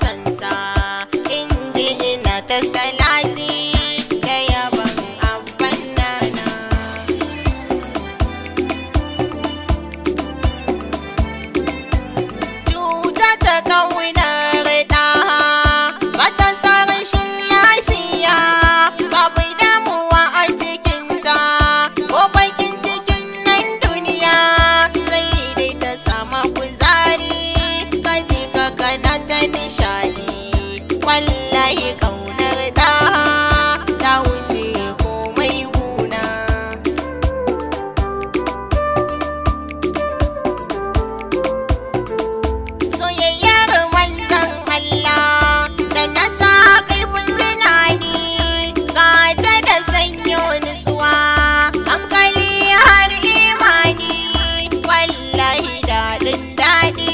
sansa in ina ta salati da yaban abban nana cuta ta kawuna daɗin daɗi